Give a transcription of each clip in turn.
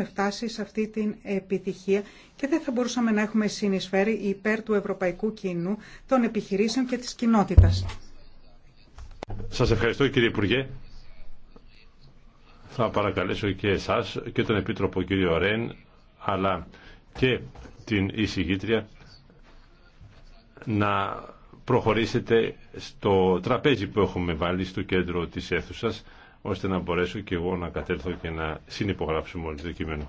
είχαμε φτάσει σε αυτή την επιτυχία και δεν θα μπορούσαμε να έχουμε συνεισφέρει υπέρ του ευρωπαϊκού κοινού, των επιχειρήσεων και της κοινότητας. Σας ευχαριστώ κύριε Υπουργέ. Θα παρακαλέσω και εσάς και τον Επίτροπο κύριο Ρέν, αλλά και την εισηγήτρια να προχωρήσετε στο τραπέζι που έχουμε βάλει στο κέντρο της αίθουσας ώστε να μπορέσω και εγώ να κατέλθω και να συνυπογράψουμε όλοι το κείμενο.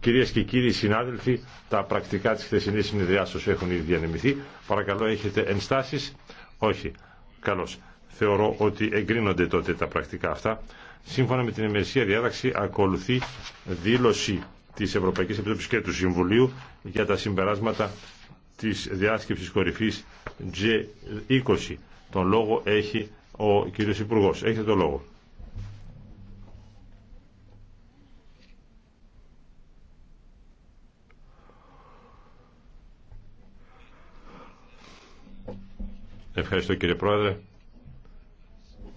Κυρίες και κύριοι συνάδελφοι, τα πρακτικά της χθεσινής συνεδριάσεως έχουν ήδη διανεμηθεί. Παρακαλώ, έχετε ενστάσεις. Όχι. Καλώς. Θεωρώ ότι εγκρίνονται τότε τα πρακτικά αυτά. Σύμφωνα με την ημερησία διάταξη, ακολουθεί δήλωση της Ευρωπαϊκής Επιτροπής και του Συμβουλίου για τα συμπεράσματα της διάσκεψης κορυφής G20. Τον λόγο έχει ο κύριος Υπουργός. Έχετε τον λόγο. Ευχαριστώ κύριε Πρόεδρε.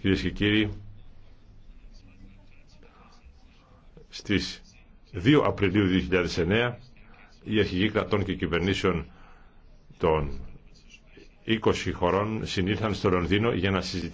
Κυρίε και κύριοι, στις 2 Απριλίου 2009 οι αρχηγοί κρατών και κυβερνήσεων των 20 χωρών συνήλθαν στο Λονδίνο για να συζητήσουν